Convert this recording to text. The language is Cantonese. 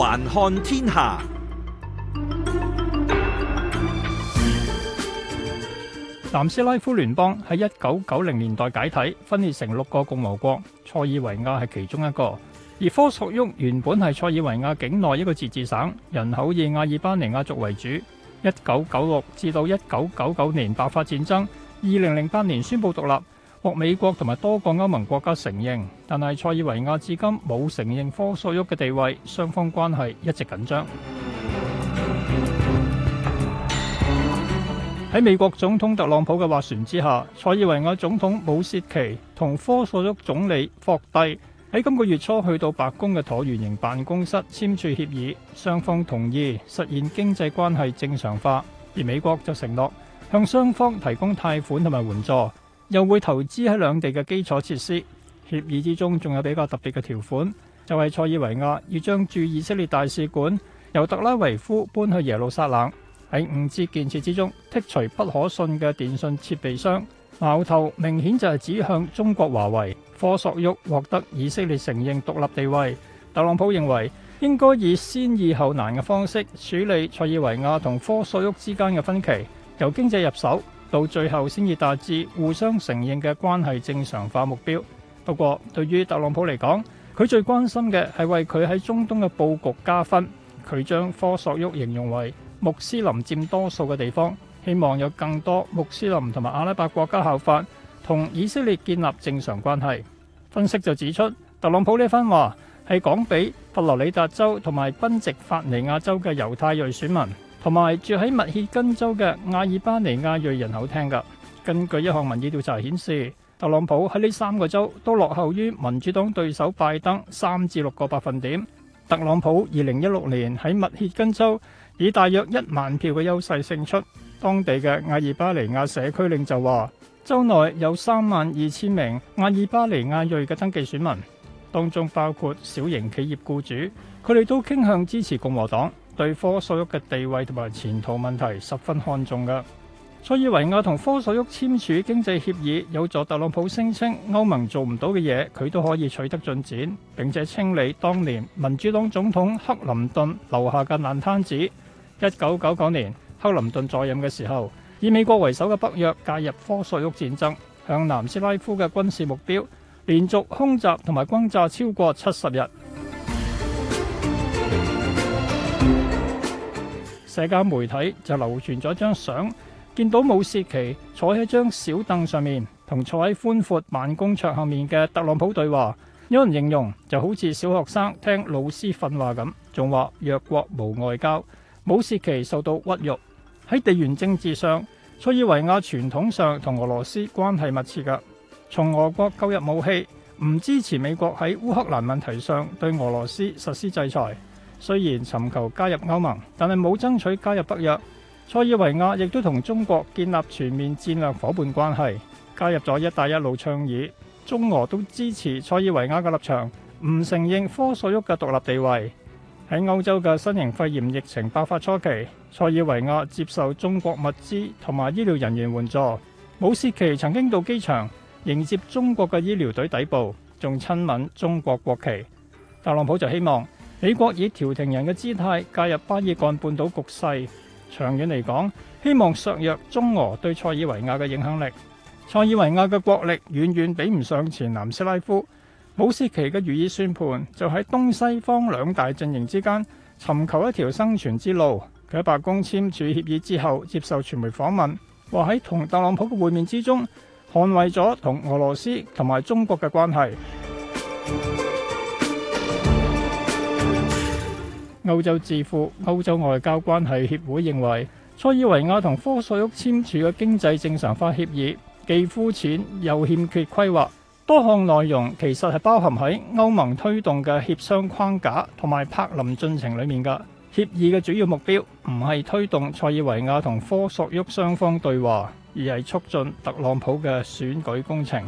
環看天下，南斯拉夫聯邦喺一九九零年代解體，分裂成六個共和國，塞爾維亞係其中一個。而科索沃原本係塞爾維亞境內一個自治省，人口以阿爾巴尼亞族為主。一九九六至到一九九九年爆發戰爭，二零零八年宣布獨立。獲美國同埋多個歐盟國家承認，但係塞爾維亞至今冇承認科索沃嘅地位，雙方關係一直緊張。喺美國總統特朗普嘅斡旋之下，塞爾維亞總統武切奇同科索沃總理霍蒂喺今個月初去到白宮嘅橢圓形辦公室簽署協議，雙方同意實現經濟關係正常化，而美國就承諾向雙方提供貸款同埋援助，又會投資喺兩地嘅基礎設施。協議之中，仲有比較特別嘅條款，就係塞爾維亞要將駐以色列大使館由特拉維夫搬去耶路撒冷，喺 5G 建設之中剔除不可信嘅電訊設備商，矛頭明顯就係指向中國華為。科索沃獲得以色列承認獨立地位，特朗普認為應該以先易後難嘅方式處理塞爾維亞同科索沃之間嘅分歧，由經濟入手。到最後先至達至互相承認嘅關係正常化目標。不過，對於特朗普嚟講，佢最關心嘅係為佢喺中東嘅佈局加分。佢將科索沃形容為穆斯林佔多數嘅地方，希望有更多穆斯林同埋阿拉伯國家效法同以色列建立正常關係。分析就指出，特朗普呢番話係講俾佛羅里達州同埋賓夕法尼亞州嘅猶太裔選民。同埋住喺密歇根州嘅阿爾巴尼亞裔人口聽噶。根據一項民意調查顯示，特朗普喺呢三個州都落後於民主黨對手拜登三至六個百分點。特朗普二零一六年喺密歇根州以大約一萬票嘅優勢勝出。當地嘅阿爾巴尼亞社區領袖話，州內有三萬二千名阿爾巴尼亞裔嘅登記選民，當中包括小型企業僱主，佢哋都傾向支持共和黨。對科索沃嘅地位同埋前途問題十分看重㗎，塞爾維亞同科索沃簽署經濟協議，有助特朗普聲稱歐盟做唔到嘅嘢，佢都可以取得進展，並且清理當年民主黨總統克林頓留下嘅爛攤子。一九九九年克林頓在任嘅時候，以美國為首嘅北約介入科索沃戰爭，向南斯拉夫嘅軍事目標連續空襲同埋轟炸超過七十日。社交媒體就流傳咗張相，見到武契奇坐喺張小凳上面，同坐喺寬闊辦公桌後面嘅特朗普對話。有人形容就好似小學生聽老師訓話咁，仲話弱國無外交，武契奇受到屈辱。喺地緣政治上，塞爾維亞傳統上同俄羅斯關係密切嘅，從俄國購入武器，唔支持美國喺烏克蘭問題上對俄羅斯實施制裁。雖然尋求加入歐盟，但係冇爭取加入北約。塞爾維亞亦都同中國建立全面戰略伙伴關係，加入咗一帶一路倡議。中俄都支持塞爾維亞嘅立場，唔承認科索沃嘅獨立地位。喺歐洲嘅新型肺炎疫情爆發初期，塞爾維亞接受中國物資同埋醫療人員援助。武士奇曾經到機場迎接中國嘅醫療隊抵步，仲親吻中國國旗。特朗普就希望。美國以調停人嘅姿態介入巴爾幹半島局勢，長遠嚟講，希望削弱中俄對塞爾維亞嘅影響力。塞爾維亞嘅國力遠遠比唔上前南斯拉夫，武斯奇嘅如意算盤就喺東西方兩大陣營之間尋求一條生存之路。佢喺白宮簽署協議之後，接受傳媒訪問，話喺同特朗普嘅會面之中，捍衛咗同俄羅斯同埋中國嘅關係。歐洲智庫歐洲外交關係協會認為，塞爾維亞同科索沃簽署嘅經濟正常化協議既膚淺又欠缺規劃，多項內容其實係包含喺歐盟推動嘅協商框架同埋柏林進程裏面嘅。協議嘅主要目標唔係推動塞爾維亞同科索沃雙方對話，而係促進特朗普嘅選舉工程。